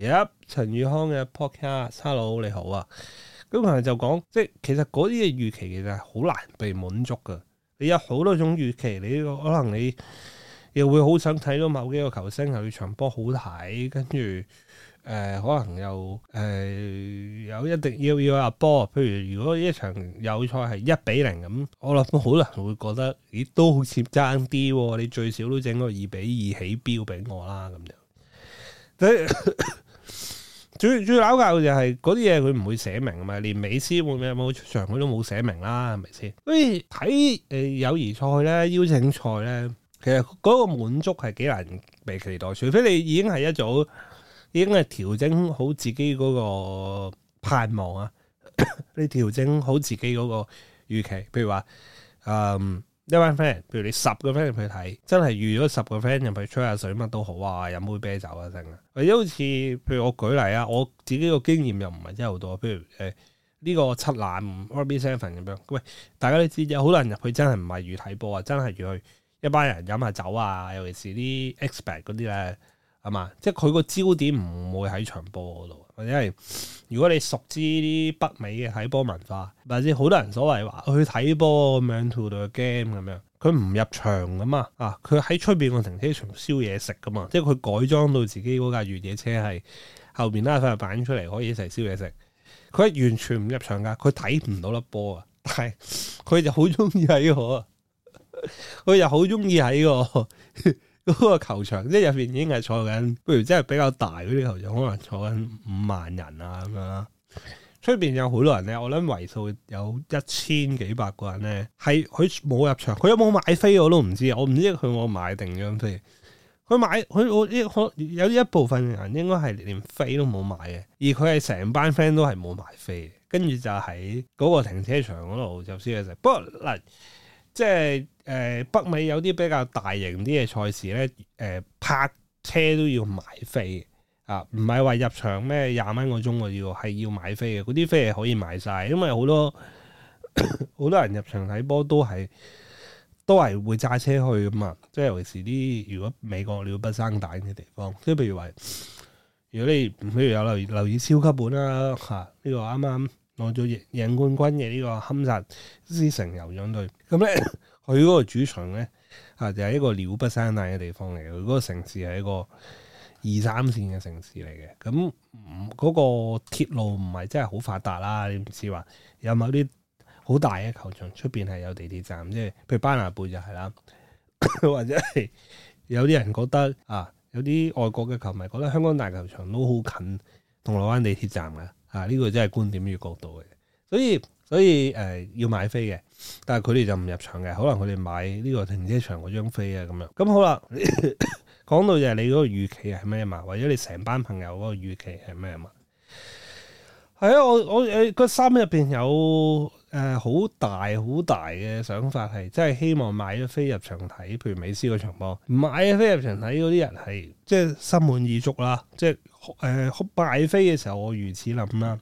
而家、yep, 陳宇康嘅 podcast，hello 你好啊，咁佢就講，即係其實嗰啲嘅預期其實係好難被滿足噶。你有好多種預期，你可能你又會好想睇到某幾個球星佢場波好睇，跟住誒可能又誒、呃、有一定要要阿波，譬如如果一場有賽係一比零咁，我諗好難會覺得，咦都好似爭啲，你最少都整個二比二起標俾我啦咁樣。 最最拗架嘅就係嗰啲嘢佢唔會寫明啊嘛，連美斯會唔會出場佢都冇寫明啦，係咪先？所以睇誒友誼賽咧、邀請賽咧，其實嗰個滿足係幾難被期待，除非你已經係一早已經係調整好自己嗰個盼望啊、嗯， 你調整好自己嗰個預期，譬如話，嗯。一班 friend，譬如你十個 friend 入去睇，真係預咗十個 friend 入去吹下水，乜都好啊，飲杯啤酒啊剩啊。或者好似譬如我舉例啊，我自己個經驗又唔係真係好多。譬如誒呢、呃呢個七欖，Rugby Seven 咁樣。喂，大家都知有好多人入去真係唔係預睇波啊，真係預去一班人飲下酒啊，尤其是啲 expat 嗰啲咧。係嘛？即係佢個焦點唔會喺場波嗰度，或者係如果你熟知啲北美嘅睇波文化，或者好多人所謂話去睇波咁樣 to the game 咁樣，佢唔入場噶嘛？啊，佢喺出邊個停車場燒嘢食噶嘛？即係佢改裝到自己嗰架越野車係後邊拉塊板出嚟，可以一齊燒嘢食。佢係完全唔入場噶，佢睇唔到粒波啊！但係佢就好中意喺我，佢又好中意喺我。 嗰個球場即係入邊已經係坐緊，譬如真係比較大嗰啲球場，可能坐緊五萬人啊咁樣啦。出邊有好多人咧，我諗為數有一千幾百個人咧，係佢冇入場，佢有冇買飛我都唔知。我唔知佢有冇買定張飛，佢買佢我一可有一部分人應該係連飛都冇買嘅，而佢係成班 friend 都係冇買飛，跟住就喺嗰個停車場嗰度有少食。不過嗱，即係。誒北美有啲比較大型啲嘅賽事咧，誒、呃、泊車都要買飛啊！唔係話入場咩廿蚊個鐘喎，要係要買飛嘅，嗰啲飛係可以買晒，因為好多好多人入場睇波都係都係會揸車去㗎嘛！即係尤其是啲如果美國鳥不生蛋嘅地方，即係譬如話，如果你譬如有留意留意超級碗啦嚇呢個啱啱攞咗贏冠軍嘅呢個堪薩斯城酋長隊咁咧。佢嗰個主場咧啊，就係、是、一個鳥不生蛋嘅地方嚟嘅。佢嗰個城市係一個二三線嘅城市嚟嘅。咁唔嗰個鐵路唔係真係好發達啦。你唔似話有某啲好大嘅球場，出邊係有地鐵站，即係譬如班拿貝就係啦， 或者係有啲人覺得啊，有啲外國嘅球迷覺得香港大球場都好近銅鑼灣地鐵站嘅。啊，呢、這個真係觀點與角度嘅。所以所以誒要買飛嘅，但係佢哋就唔入場嘅，可能佢哋買呢個停車場嗰張飛啊，咁樣。咁、嗯、好啦，講到就係你嗰個預期係咩嘛？或者你成班朋友嗰個預期係咩嘛？係啊，我我誒、個心入邊有誒好、呃、大好大嘅想法，係真係希望買咗飛入場睇，譬如美斯嗰場波，買咗飛入場睇嗰啲人係即係心滿意足啦，即係誒賣飛嘅時候我如此諗啦、啊。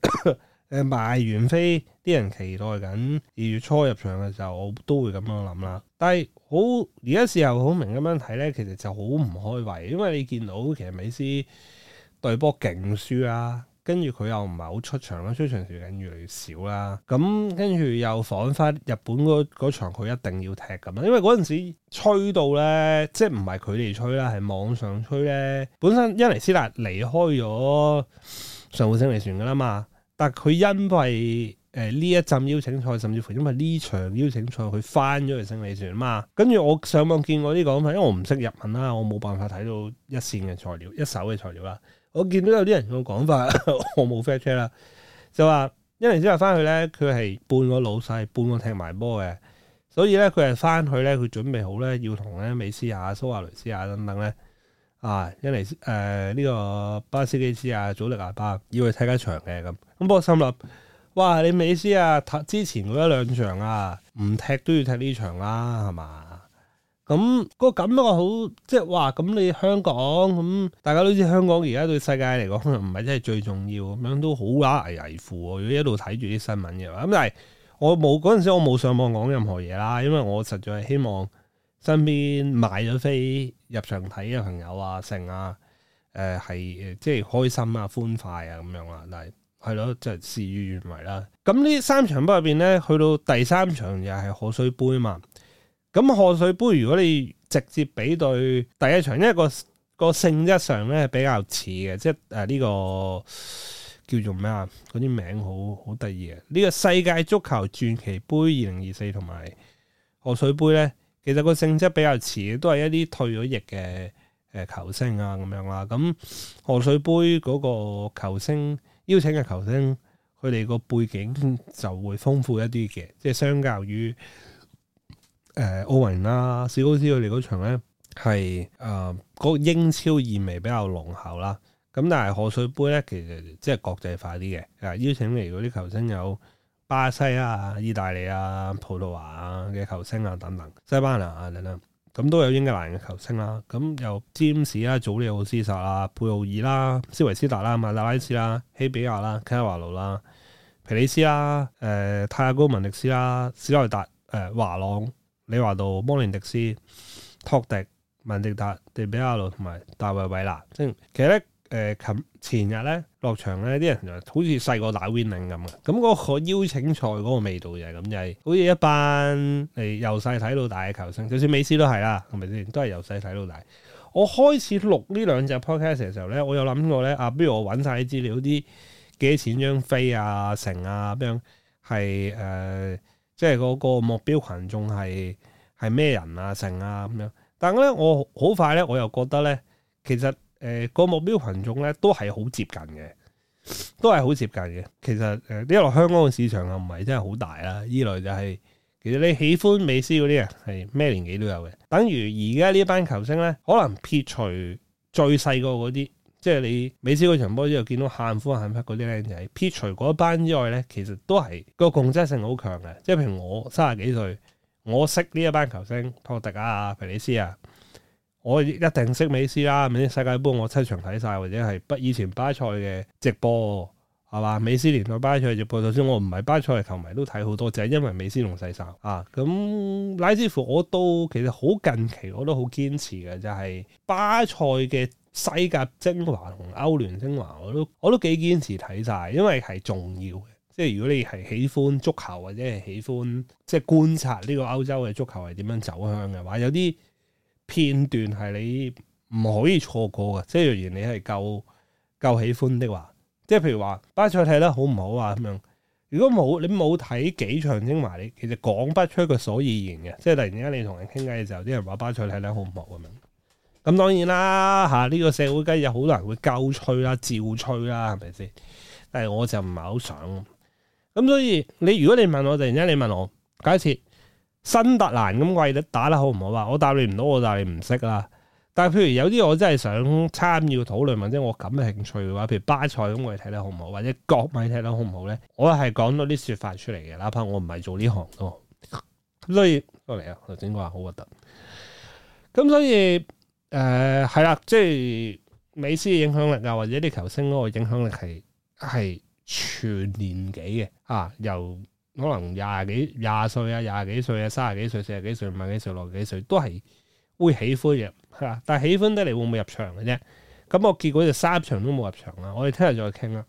咳咳誒，賣完飛，啲人期待緊二月初入場嘅時候，我都會咁樣諗啦。但係好而家時候好明咁樣睇咧，其實就好唔開胃，因為你見到其實美斯對波勁輸啦，跟住佢又唔係好出場啦，出場時間越嚟越少啦。咁跟住又彷彿日本嗰嗰場佢一定要踢咁啦，因為嗰陣時吹到咧，即係唔係佢哋吹啦，係網上吹咧。本身因尼斯達離開咗上半星離船噶啦嘛。但佢因為誒呢一陣邀請賽，甚至乎因為呢場邀請賽，佢翻咗嚟勝利船啊嘛。跟住我上網見過啲講法，因為我唔識日文啦，我冇辦法睇到一線嘅材料、一手嘅材料啦。我見到有啲人嘅講法， 我冇 fair check 啦，就話因為之後翻去咧，佢係半個老細、半個踢埋波嘅，所以咧佢係翻去咧，佢準備好咧要同咧美斯啊、蘇亞雷斯啊等等咧。啊，因尼誒呢、呃這個巴西基斯啊，祖力阿巴要去踢一場嘅咁，咁我心諗，哇，你美斯啊，之前嗰一兩場啊，唔踢都要踢呢場啦、啊，係嘛？咁、嗯，這個感覺好，即係話咁你香港咁、嗯，大家都知香港而家對世界嚟講，可能唔係真係最重要咁樣，都好啦危危乎，如果一路睇住啲新聞嘅話，咁但係我冇嗰陣時，我冇上網講任何嘢啦，因為我實在係希望。身邊買咗飛入場睇嘅朋友啊，剩、呃、啊，誒係誒，即係開心啊，歡快啊咁樣啦，但係係咯，就事與願違啦。咁、嗯、呢三場杯入邊咧，去到第三場就係賀歲杯啊嘛。咁、嗯、賀歲杯如果你直接比對第一場，因為個個性質上咧比較似嘅，即係誒呢個叫做咩啊？嗰啲名好好得意嘅，呢個世界足球傳奇杯二零二四同埋賀歲杯咧。其實個性質比較遲，都係一啲退咗役嘅誒球星啊咁樣啦。咁賀歲盃嗰個球星邀請嘅球星，佢哋個背景就會豐富一啲嘅，即係相較於誒、呃、奧運啦、啊，史高斯佢哋嗰場咧係誒個英超意味比較濃厚啦。咁但係賀歲盃咧，其實即係國際化啲嘅，啊邀請嚟嗰啲球星有。巴西啊、意大利啊、葡萄牙啊嘅球星啊等等，西班牙啊等等，咁都有英格蘭嘅球星啦。咁有詹士啊、James，祖利奧斯薩啦、佩奧爾啦、斯維斯達啦、馬德拉斯啦、希比亞啦、卡瓦魯啦、皮里斯啦、誒、呃、泰阿高文迪斯啦、史奈達誒、呃、華朗、李華道、摩連迪斯、托迪、文迪達、迪比亞路同埋戴衛偉拿，即係其實呢。誒，琴、呃、前日咧落場咧，啲人就好似細個打 Winning 咁嘅，咁、嗯、嗰、那個邀請賽嗰個味道就係咁，就係、是、好似一班誒由細睇到大嘅球星，就算美斯都係啦，係咪先？都係由細睇到大。我開始錄呢兩隻 podcast 嘅時候咧，我有諗過咧，啊，不如我搵晒啲資料，啲幾多錢張飛啊，成啊，咁樣係誒、呃，即係嗰、那個那個目標群眾係係咩人啊，成啊，咁樣。但係咧，我好快咧，我又覺得咧，其實。誒，個目標群眾咧都係好接近嘅，都係好接近嘅。其實誒呢一類香港嘅市場又唔係真係好大啦。依類就係、是，其實你喜歡美斯嗰啲人係咩年紀都有嘅。等於而家呢一班球星咧，可能撇除最細個嗰啲，即係你美斯嗰場波之後見到喊苦喊忽嗰啲僆仔，撇除嗰一班之外咧，其實都係個共質性好強嘅。即係譬如我三十幾歲，我識呢一班球星托迪啊、皮里斯啊。我一定識美斯啦，唔係啲世界盃我七場睇晒，或者係不以前巴塞嘅直播係嘛？美斯連同巴塞嘅直播，首先我唔係巴塞嘅球迷都睇好多，就係因為美斯同世沙啊。咁乃至乎我都其實好近期我都好堅持嘅，就係、是、巴塞嘅西甲精華同歐聯精華，我都我都幾堅持睇晒，因為係重要嘅。即係如果你係喜歡足球或者係喜歡即係、就是、觀察呢個歐洲嘅足球係點樣走向嘅話，嗯、有啲。片段係你唔可以錯過嘅，即係若然你係夠夠喜歡的話，即係譬如話巴塞睇得好唔好啊？咁樣如果冇你冇睇幾場精華，你其實講不出個所以然嘅。即係突然間你同人傾偈嘅時候，啲人話巴塞睇得好唔好咁樣。咁當然啦，吓、啊、呢、這個社會梗係有好多人會鳩吹啦、照吹啦，係咪先？但係我就唔係好想。咁所以你如果你問我，突然間你問我，假設。新特蘭咁，我哋打得好唔好啊？我答你唔到，我就係唔識啦。但係譬如有啲我真係想參與討論，或者我感興趣嘅話，譬如巴塞咁，我哋睇得好唔好，或者國米睇得好唔好咧？我係講到啲說法出嚟嘅，哪怕我唔係做呢行都、哦。所以嚟啊，頭先話好核突。咁所以誒係啦，即係美斯嘅影響力啊，或者啲球星嗰個影響力係係全年紀嘅啊，由。可能廿幾廿歲啊，廿幾歲啊，三十幾歲、四十幾歲、五十幾歲、六十幾歲，都係會喜歡嘅，係啊。但係喜歡得嚟會唔會入場嘅啫？咁我結果就三場都冇入場啦。我哋聽日再傾啦。